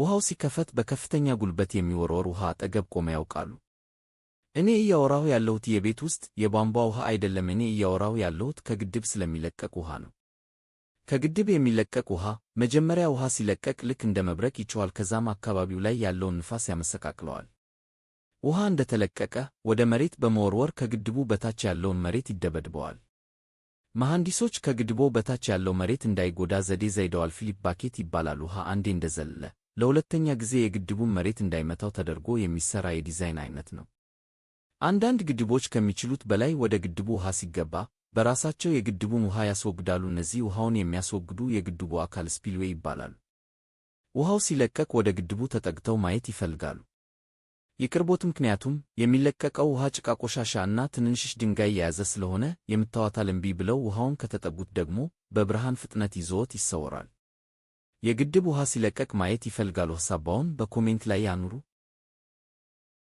ውሃው ሲከፈት በከፍተኛ ጉልበት የሚወረወር ውሃ አጠገብ ቆመ ያውቃሉ። እኔ እያወራሁ ያለሁት የቤት ውስጥ የቧንቧ ውሃ አይደለም። እኔ እያወራሁ ያለሁት ከግድብ ስለሚለቀቅ ውሃ ነው። ከግድብ የሚለቀቅ ውሃ መጀመሪያ ውሃ ሲለቀቅ ልክ እንደ መብረቅ ይችዋል ከዛም አካባቢው ላይ ያለውን ንፋስ ያመሰቃቅለዋል። ውሃ እንደተለቀቀ ወደ መሬት በመወርወር ከግድቡ በታች ያለውን መሬት ይደበድበዋል። መሐንዲሶች ከግድቦ በታች ያለው መሬት እንዳይጎዳ ዘዴ ዘይደዋል። ፊሊፕ ባኬት ይባላል። ውሃ አንዴ እንደዘለለ ለሁለተኛ ጊዜ የግድቡን መሬት እንዳይመታው ተደርጎ የሚሠራ የዲዛይን አይነት ነው። አንዳንድ ግድቦች ከሚችሉት በላይ ወደ ግድቡ ውሃ ሲገባ በራሳቸው የግድቡን ውሃ ያስወግዳሉ። እነዚህ ውሃውን የሚያስወግዱ የግድቡ አካል ስፒልዌይ ይባላሉ። ውሃው ሲለቀቅ ወደ ግድቡ ተጠግተው ማየት ይፈልጋሉ። የቅርቦት ምክንያቱም የሚለቀቀው ውሃ ጭቃ፣ ቆሻሻ እና ትንንሽሽ ድንጋይ የያዘ ስለሆነ የምታዋታል እምቢ ብለው ውሃውን ከተጠጉት ደግሞ በብርሃን ፍጥነት ይዘዎት ይሰወራል። የግድብ ውሃ ሲለቀቅ ማየት ይፈልጋሉ። ሐሳባውን በኮሜንት ላይ ያኑሩ።